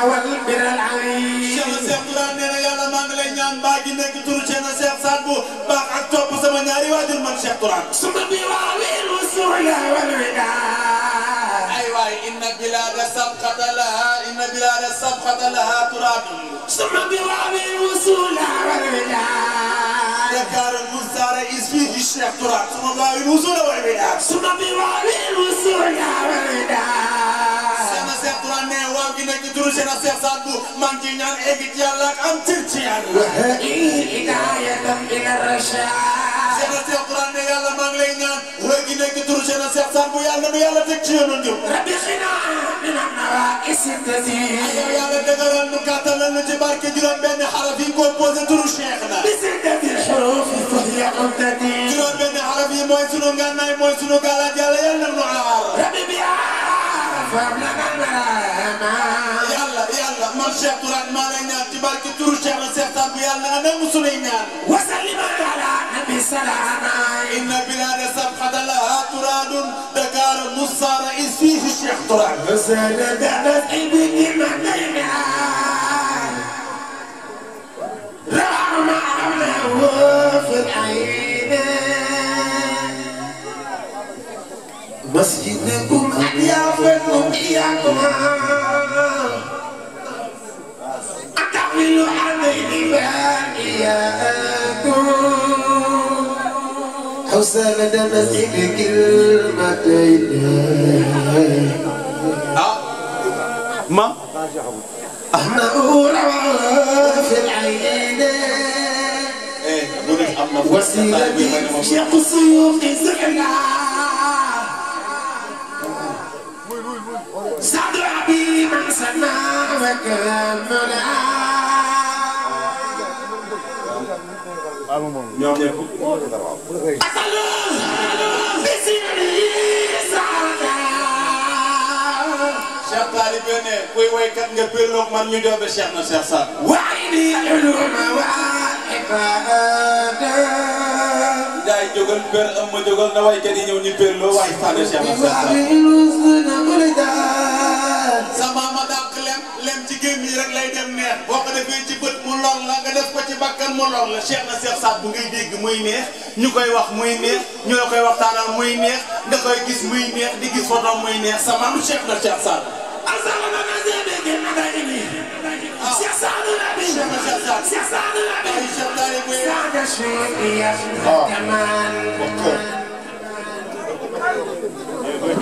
awal biral amiin Cheikh na Cheikh Touré nee na yàlla maa ngi lay ñaan baa gi nekk turu Cheikh na Cheikh Sarr bu baax ak topp sama ñaari waajur man Cheikh Touré. su ma bii waa wii lu suula wal widaa ay waay inna bilada sabqata laha inna bilada sabqata laha turaabu summa biwaami wusula walbida dakar mursara ismi ishna turab summa biwaami wusula walbida summa biwaami wusula walbida sama seex turan ne waaw gi nekk turu seen seex saat bu man ci ñaan egg ci yàlla ak am cër ci yàlla yàlla maa ngi lay a way gi nekk turu a Cheikh Sarr bu yàlla nu yàlla teg ci yoonu njub rabbi xina mina nara isintasi yow yàlla dëgëral nu mooy sunu ngànnaay mooy sunu galaaj yàlla yàlla nu aar rabbi bi aar fam na nara yàlla man Cheikh Tourane maa lay ñaan ci barke turu Cheikh la Cheikh Samb yàlla nga nangu sunuy ñaan. wasalima ala nabi salaana. inna bilada sabxata laha turadun Dakar Moussara is fiihi Cheikh Tourane. wasala dara ibi ni ma nay naan. rawa ma amnahu fi العين. مسجدكم أضيافكم إياكما. مثل حبل يا حسام دمس بكلمتين ما أحمر في العينين وسيلتي يقص يوقي زحنا سعد حبيب سنا وكملا ñoom ñëpp. Cheikh Talib ne kuy waykat nga péloog man ñu joxe Cheikh na Cheikh Sall. jaay jógal per am ma jógal na waykat yi ñëw ñu per loo waaye Sadio sa maama dàq lem lem ci génn yi rek lay dem neex boo ko defee ci bët la nga def ko ci bakkan na Cheikh Saad bu ngay dégg muy neex ñu koy wax muy neex ñu la koy waxtaanal muy neex nga koy gis muy neex di gis photo muy neex sa maam na Cheikh Saad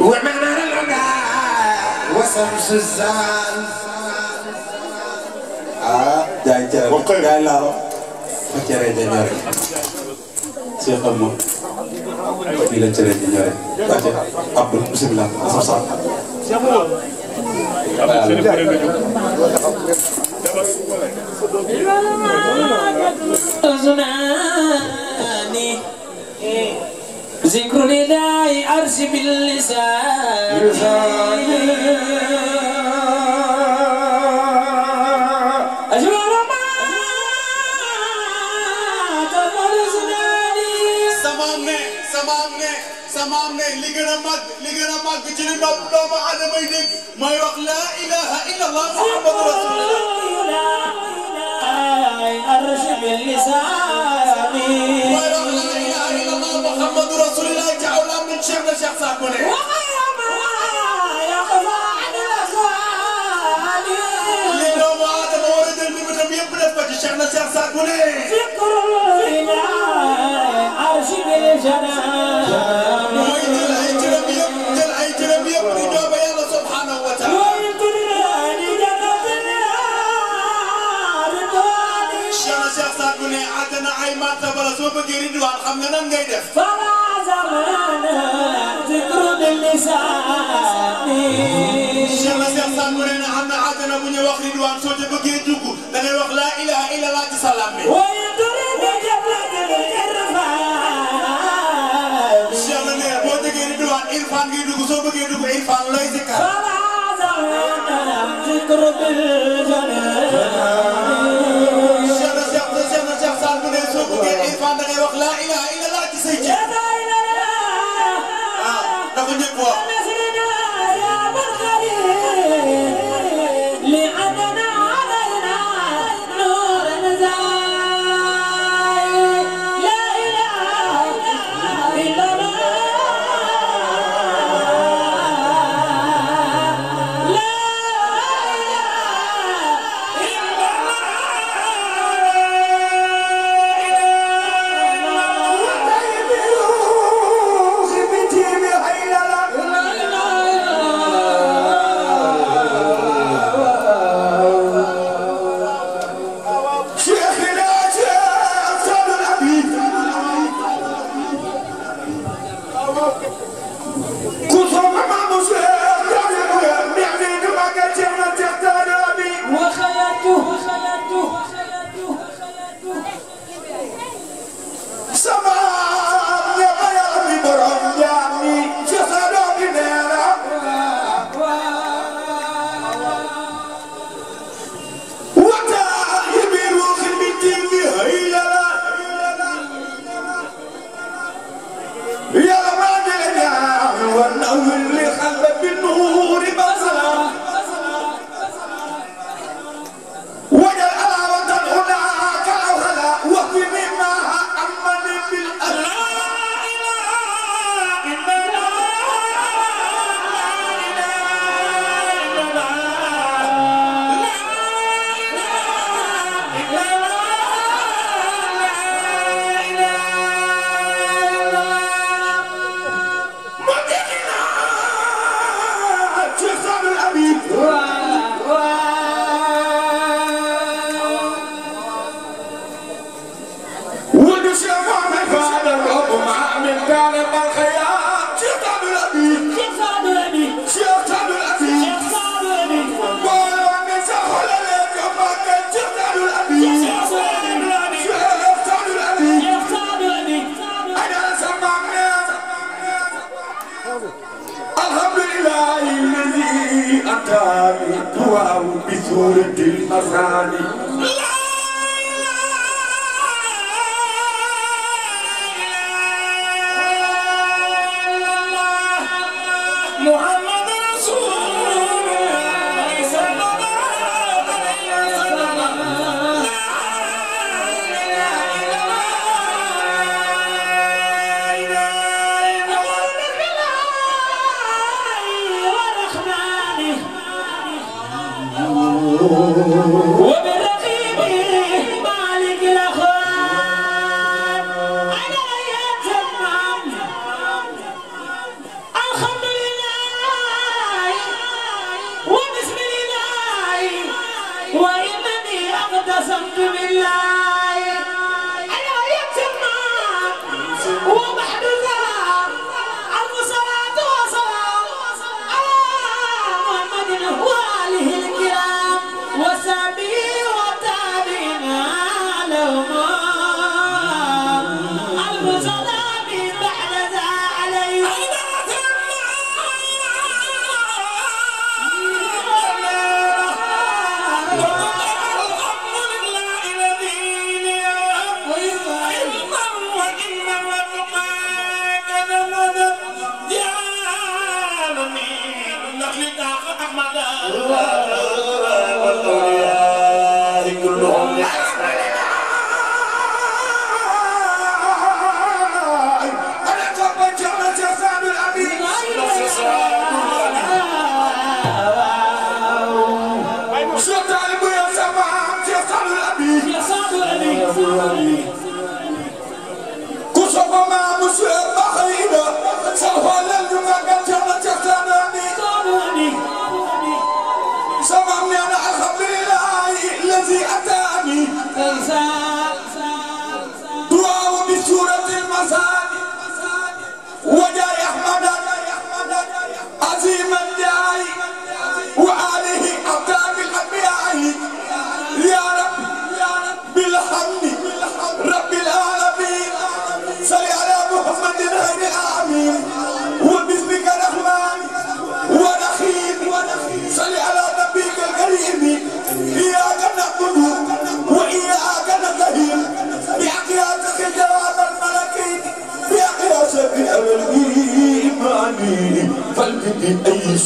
ومنار الهدى وشمس الزمان اه داي جاب داي لا فكر جنار شيخ امو بلا ترى جنار عبد بسم الله صح صح أزماني ذكر لله أرش باللسان الأمام لقنا ما لقنا ما قتلنا ما ما حدا ما يدق ما لا إله إلا الله محمد رسول الله أرشد اللسان ما يوق لا إله إلا الله محمد رسول soo bëggee ridwaan xam nga nan ngay def fala zamana zikru bil lisaani cheikh na cheikh san mu am na àddina bu ñu wax ridwaan soo ca bëggee dugg da ngay wax laa ilaha illa laa ci salaam bi cheikh na ne boo déggee ridwaan irfaan ngay dugg soo bëggee dugg irfaan looy zikkar fala zamana zikru bil soo bëggee irfan da ngay wax laa ilaha illallah ci say ci waaw ah, na ko ñëpp wax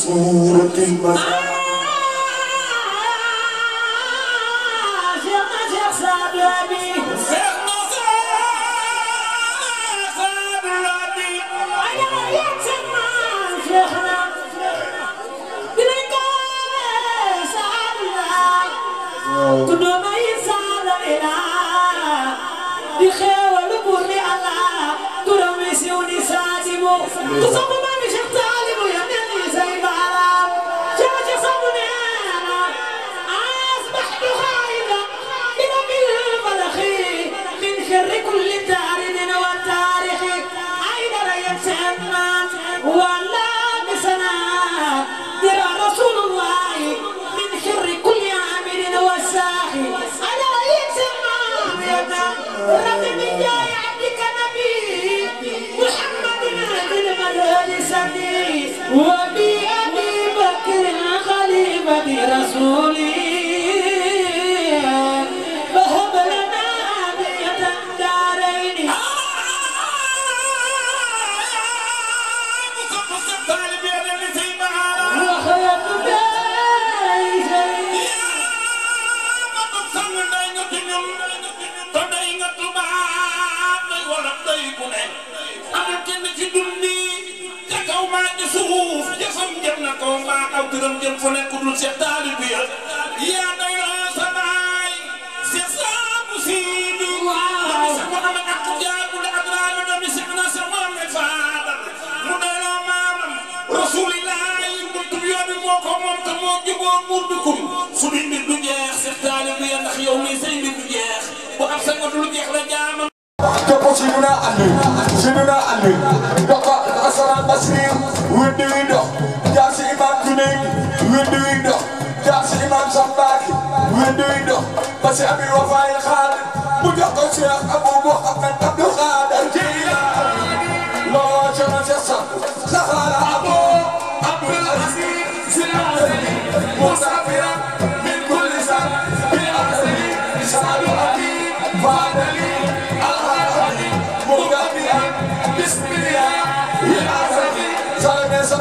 سورة المزار Cause I'm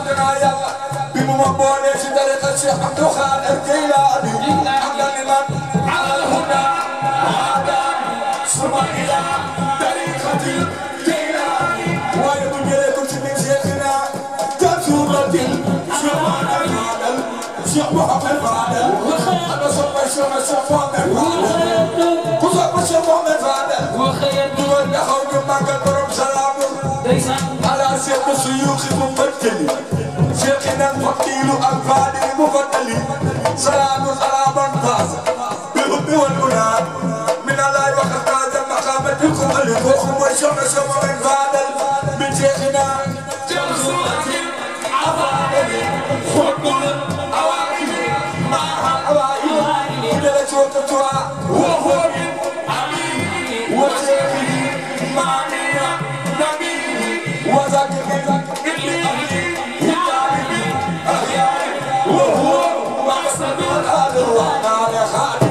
عبدنا يا الله بممبولي في طريقة الشيخ عبد الخالق جيلاني حمدا لمن على الهدى هذا صبا إلى طريقة الجيلاني ويقول إليكم شبيك شيخنا كسورة شيخنا الفاضل شيخ محمد الفاضل أنا صبا الشيخ الشيخ محمد الفاضل وصبا الشيخ محمد الفاضل وخير دول دخلوا ما قدروا سلامه شيخ الشيوخ ممثلي شيخنا الفقير الفادي المفضل سلام سلاما طازا بالحب والمنى من الله وخطاز مقامة الخبل وخم وشم شم من من شيخنا وهو من أمين وشيخه معني وهو معصم هذا الرحمن خاتم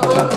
Bravo.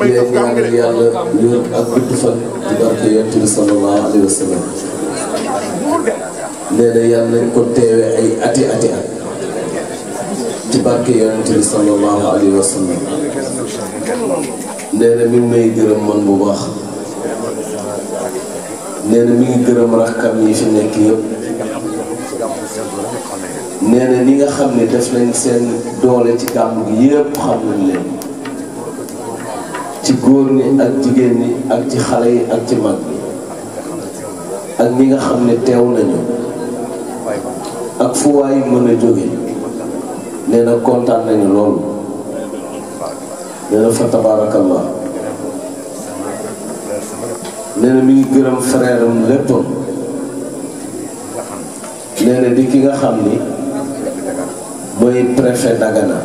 damay def gàmm yàlla wér ak gudd fan ci barke yonent bi sallallahu alayhi wa sallam nee yàlla nañ ko teewe ay ati ati at ci barke yonent bi sallallahu wa sallam nee mi ngi may gërëm man bu baax nee mi ngi gërëm rakkam yi fi nekk yëpp nee na nga xam ne def nañ seen doole ci gàmm gi xam nañ leen ci goor ni ak jigen ni ak ci xalé yi ak ci mag ak ni nga xamne tew nañu ak fu way mëna joggé néna nañu lool néna fa tabarakallah néna mi ngi di ki nga xamni moy préfet Dagana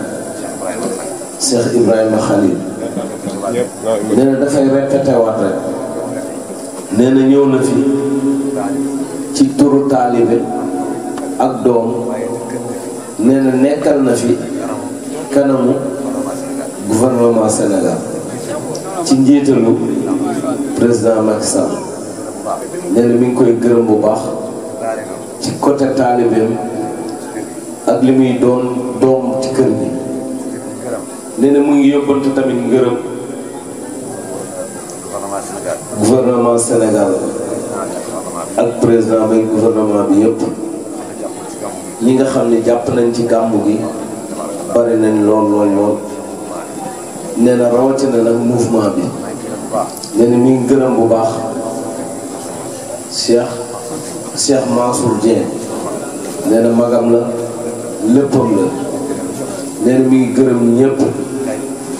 Cheikh Ibrahima Khalil nee na dafay retetewaat rek nee na ñëw na fi ci turu taalibe ak doom nee na nekkal na fi kanamu gouvernement Sénégal ci njiitalu président Macky Sall nee mi ngi koy gërëm bu baax ci côté taalibeem ak li muy doon doom ci kër gi nee mu ngi yóbbante tamit ngërëm gouvernement Sénégal ak président bay gouvernement nga xam ne jàpp nañ ci gàmmu gi bari nañ lool lool rawatina nag mouvement bi mi ngi bu baax Cheikh Cheikh Mansour Dieng nee na magam la léppam la nee na gërëm ñëpp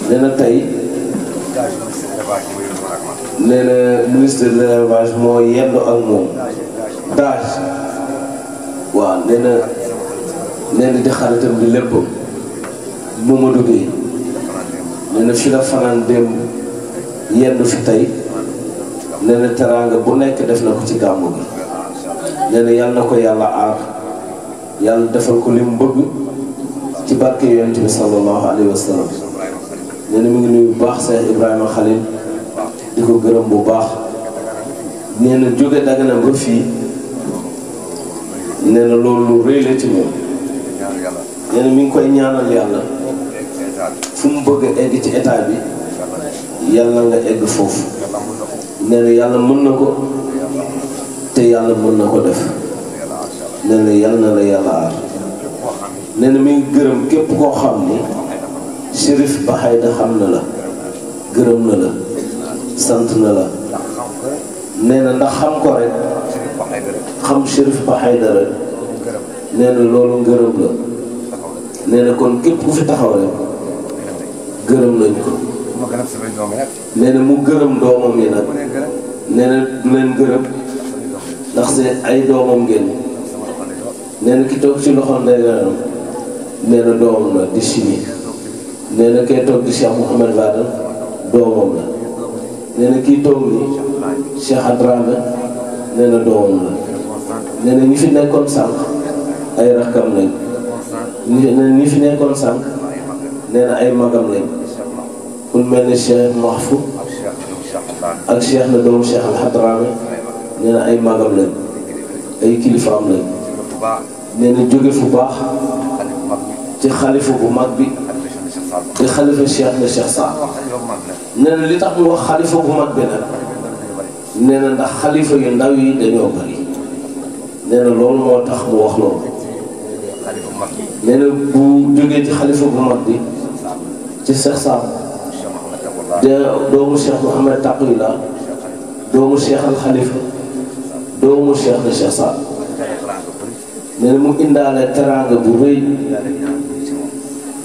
nee tey nee na ministre de l'élevage moo yenn ak moom daaj waaw nee na di xaritam di léppam bu ma duggee nee na fi la fanaan démb yendu fi tey nee teraanga bu nekk def na ko ci gàmmu gi yàlla na ko yàlla aar yàlla defal ko li mu bëgg ci barke yonent bi sallallahu alayhi wa sallam mu ngi nuyu baax Seex Ibrahima Xalil ko gërëm bu baax nee na jóge Dagana ba fii nee na loolu rëy la ci moom nee na mi ngi koy ñaanal yàlla fu mu bëgg a egg ci état bi yàlla nga egg foofu nee yàlla mën na ko te yàlla mën na ko def nee na yàlla na la yàlla aar nee na mi ngi gërëm képp koo xam ni Chérif Bahayda xam na la gërëm na la sant na la nee na ndax xam ko rek xam Chérif Ba Aïdara nee na loolu ngërëm la nee kon képp ku fi taxaw rek gërëm nañ ko nee mu gërëm doomam yi nag nee na du leen gërëm ndax seen ay doomam ngeen nee na ki toog ci loxo ndeygaanam nee na doomam la di chimique nee kay toog di Cheikh Mouhamed Vadal doomam la nee na kii toog nii Cheikh Adra la nee na doomam ñi fi nekkoon sànq ay rakkam lañ nee ñi fi nekkoon sànq nee ay magam lañ ku mel ni Cheikh Mahfou ak Cheikh la doomu Cheikh Al Hadra la ay magam lañ ay kilifaam lañ nee na fu baax ci xalifa bu mag bi. di xalifa Cheikh la Cheikh Sarr nee na li tax ñu wax xalifa bu mag bi nag nee na ndax xalifa yu ndaw yi dañoo bëri nee na loolu moo tax mu wax loolu nee na bu jógee ci xalifa bu mag bi ci Cheikh Sarr de doomu Cheikh Mouhamed Taqiyullah doomu Cheikh al Khalifa doomu Cheikh la Cheikh Sarr nee na mu indaale teraanga bu rëy.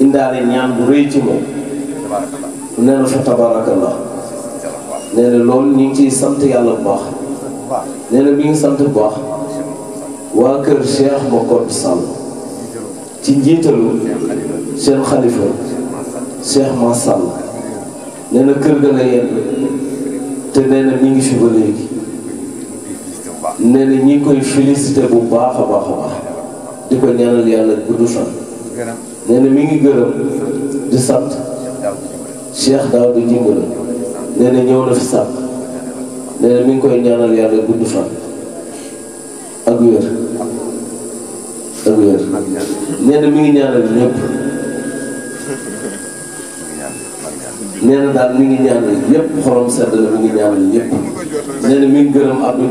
indaale ñaan bu rëy ci moom nee fa tabaarakallah nee loolu ñu ngi ciy sant yàlla bu baax nee na mi ngi sant bu baax waa kër Cheikh Makhtar Sall ci njiitalu seen xalifa Cheikh Ma sal nee na kër ga la yenn te nee na ngi fi ba léegi nee na ñi koy félicité bu baax a baax a baax di ko ñaanal yàlla gudd fan nee mi ngi gërëm di sant Cheikh Daouda Djimbira nee na ñëw na fi sànq nee mi ngi koy ñaanal yàlla gudd fan ak wér ak wér mi ngi ñaanal ñëpp nee na daal mi ngi ñaanal ñëpp xorom sedd la mi ngi ñaanal ñëpp gërëm Abdou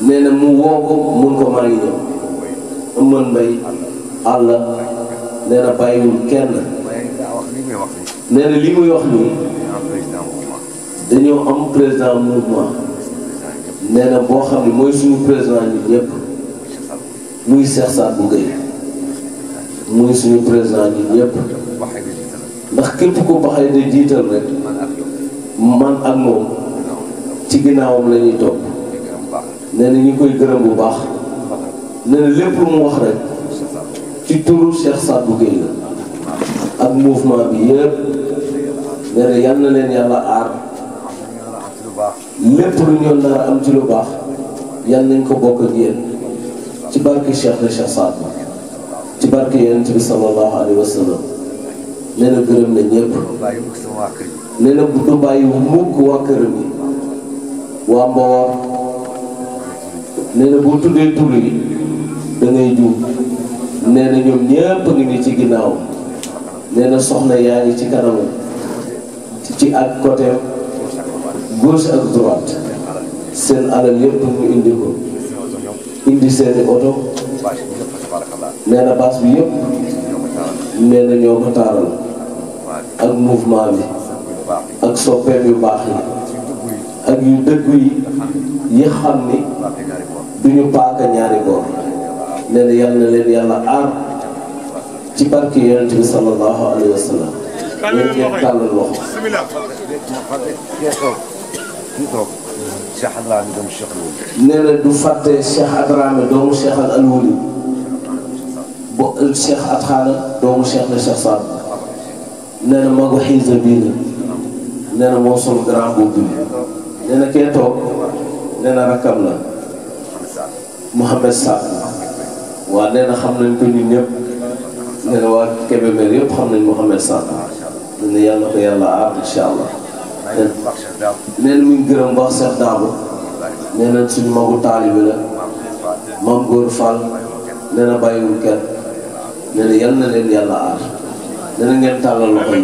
Ndiaye nee na mu woo mun ko maa ngi ñëw. mën mbay àll nee na bàyyiwul kenn nee li muy wax nii dañoo am président mouvement nee boo xam ne mooy suñu président ñun ñëpp muy Cheikh Sadou Gueye muy suñu président ñun ñëpp ndax képp ku baxee ne jiital rek man ak moom ci ginnaawam la ñuy topp nee na ñu koy gërëm bu baax. nee na lépp mu wax ci turu Cheikh Sadou Gueye la ak mouvement bi yëpp nee na yal na leen yàlla aar lépp lu ñu nar am ci lu baax yal nañ ko bokk ak yéen ci barke Cheikh la Cheikh Sadou ci barke yonent bi sallallahu alayhi wa sallam nee na gërëm na ñëpp nee na bu du bàyyi mukk waa këram yi waa Mbowar nee na boo tuddee tur yi. da ngay juum ñoom ñëpp ngi ci ginnaaw nee na soxna yaa ci kanamu ci ak côté gauche ak droite seen alal yëpp mu indi ko indi seeni oto nee baas bi yëpp nee na ñoo ak mouvement bi ak soppeem yu baax yi ak yu dëggu yi yi xam ni duñu paaka ñaari boor nee na yal na leen yàlla aar ci barke yonent bi sallallahu alayhi wa sallam yéen ngeen tàllal loxo nee na du fàtte Cheikh Adrame doomu Cheikh Al Alwuli bo Cheikh Atxaana doomu Cheikh la Cheikh Saad nee na magu xiisa bii la nee na moo sol grand boobu bi nee na kee toog nee na rakkam la Mouhamed Sall waa nee na xam nañ ko ñun ñëpp nee na waa Kébémer yëpp xam nañ Mouhamed Sarr nee na yàlla ko yàlla aar incha allah nee na mu ngi gërëm wax Cheikh Dabo nee na suñu magu taalibi la mam góor Fall nee na bàyyiwul kenn nee na yal na leen yàlla aar nee na ngeen tàllal loxo yi.